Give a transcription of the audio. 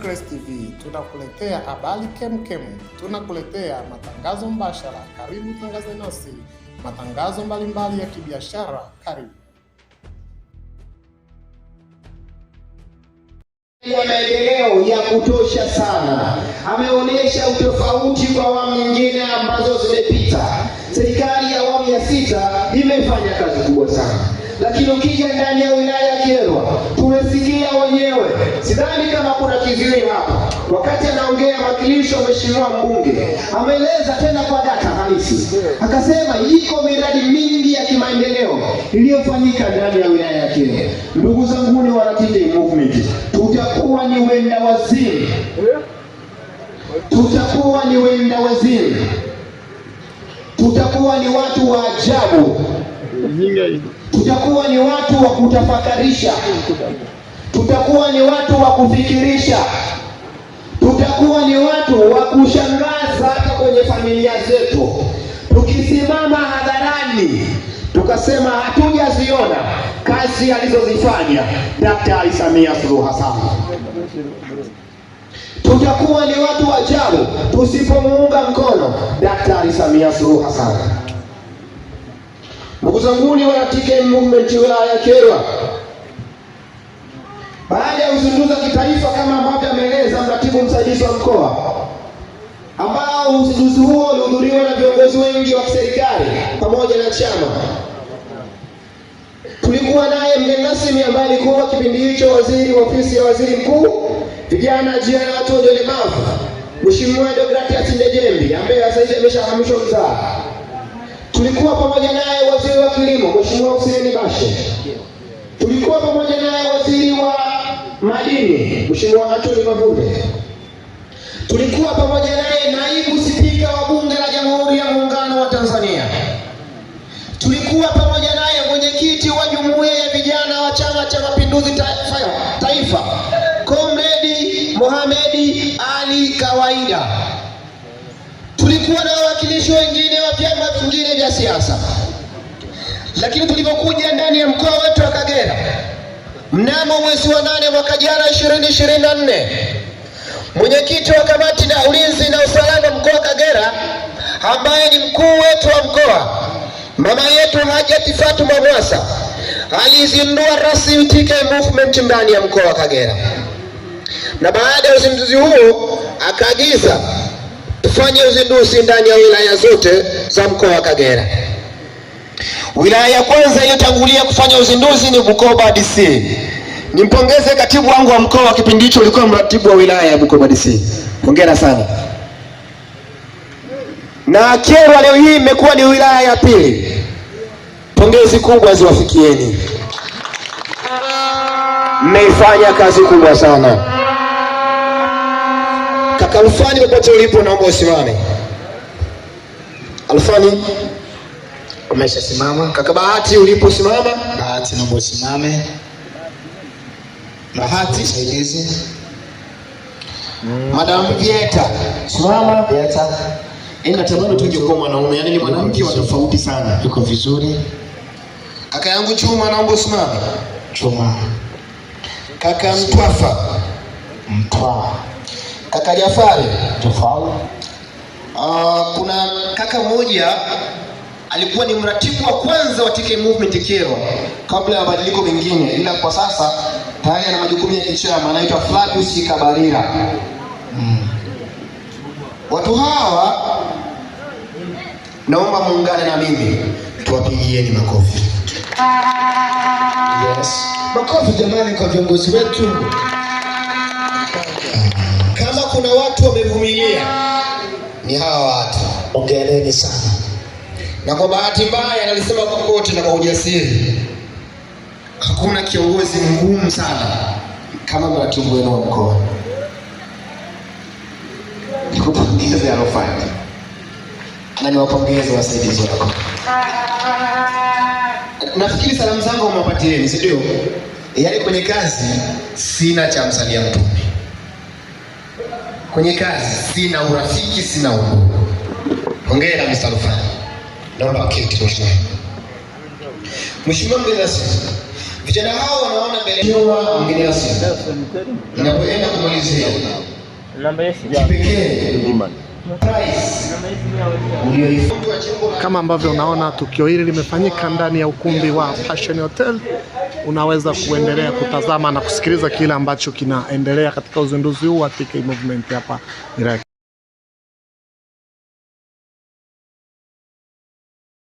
Crest TV tunakuletea habari kemkem, tunakuletea matangazo mbashara. Karibu tangaze nasi matangazo mbalimbali ya kibiashara. Karibu kwa maendeleo ya kutosha sana, ameonyesha utofauti kwa awamu nyingine ambazo zimepita. Serikali ya awamu ya sita imefanya kazi kubwa sana, lakini ukija ndani ya wilaya ya Kyerwa mwenyewe. Sidhani kama kuna kiziwi hapa. Wakati anaongea mwakilisho, mheshimiwa mbunge ameeleza tena kwa data halisi, akasema iko miradi mingi ya kimaendeleo iliyofanyika ndani ya wilaya ya Kyela. Ndugu zangu ni wanatinde movement, tutakuwa ni wenda wazimu, tutakuwa ni wenda wazimu, tutakuwa ni watu wa ajabu tutakuwa ni watu wa kutafakarisha tutakuwa ni watu wa kufikirisha, tutakuwa ni watu wa kushangaza hata kwenye familia zetu, tukisimama hadharani tukasema hatujaziona kazi alizozifanya Daktari Samia Suluhu Hassan. Tutakuwa ni watu wa jabu tusipomuunga mkono Daktari Samia Suluhu Hassan. Ndugu zanguni wanatike TK ya baada ya uzinduzi wa kitaifa kama ambavyo ameeleza mratibu msaidizi wa mkoa, ambao uzinduzi huo ulihudhuriwa na viongozi wengi wa serikali pamoja na chama, tulikuwa naye mgeni rasmi ambaye alikuwa kipindi hicho waziri wa ofisi ya waziri mkuu, vijana, ajira na watu wenye ulemavu, Mheshimiwa Deogratias Ndejembi ambaye sasa hivi ameshahamishwa Mzaa. Tulikuwa pamoja naye waziri wa kilimo Mheshimiwa Hussein Bashe tulikuwa pamoja naye waziri wa madini, Mheshimiwa Anthony Mavunde. Tulikuwa pamoja naye naibu spika wa bunge la Jamhuri ya Muungano wa Tanzania. Tulikuwa pamoja naye mwenyekiti wa Jumuiya ya Vijana wa Chama cha Mapinduzi Taifa, Taifa, Comrade Mohamed Ali Kawaida. Tulikuwa na wawakilishi wengine wa vyama vingine vya siasa, lakini tulipokuja ndani ya mkoa wetu wa Kagera Mnamo mwezi wa nane mwaka jana 2024 mwenyekiti wa kamati na ulinzi na usalama mkoa Kagera ambaye ni mkuu wetu wa mkoa mama yetu Hajati Fatuma Mwasa alizindua rasmi TK movement ndani ya mkoa wa Kagera, na baada ya uzinduzi huo akaagiza tufanye uzinduzi ndani ya wilaya zote za mkoa wa Kagera. Wilaya ya kwanza iliyotangulia kufanya uzinduzi ni Bukoba DC. Nimpongeze katibu wangu wa mkoa, wa kipindi hicho ulikuwa mratibu wa wilaya ya Bukoba DC, hongera sana. Na Kyerwa leo hii imekuwa ni wilaya ya pili, pongezi kubwa ziwafikieni, mmeifanya kazi kubwa sana. Kaka Alfani, popote ulipo, naomba usimame. Alfani Umeshasimama kaka Bahati, uliposimama Bahati naomba usimame. Bahati saidizi. Mm. Madam Vieta, simama Vieta. Natamani tuje kwa mwanaume, yani ni mwanamke wa tofauti sana. Yuko vizuri. Kaka yangu Chuma naomba usimame. Chuma. Kaka Mtwafa. Mtwa. Kaka Jafari. Jafari. Uh, kuna kaka mmoja alikuwa ni mratibu wa kwanza wa TK Movement Kyerwa kabla ya mabadiliko mengine, ila kwa sasa tayari ana majukumu ya kichama, anaitwa Flavius Kabarira. Mm. Watu hawa naomba muungane na mimi tuwapigieni makofi. Yes. Makofi jamani kwa viongozi wetu. Kama kuna watu wamevumilia ni hawa watu, ongereni sana. Na kwa bahati mbaya nalisema kwa wote na kwa ujasiri, hakuna kiongozi mgumu sana kama mratibu wenu wa mkoa. Nikupongeze alofanya na niwapongeze wasaidizi wako. Nafikiri salamu zangu umewapatieni, si ndio? Yaani kwenye kazi sina cha msalia mtume, kwenye kazi sina urafiki, sina undugu. Hongera mstarufani Naomba kiti mheshimiwa. Mheshimiwa mgeni rasmi, vijana hao wanaona mbele yao mgeni rasmi. Ninapoenda kumalizia kama ambavyo unaona tukio hili limefanyika ndani ya ukumbi wa Passion Hotel. Unaweza kuendelea kutazama na kusikiliza kile ambacho kinaendelea katika uzinduzi huu wa TK Movement hapa Iraq.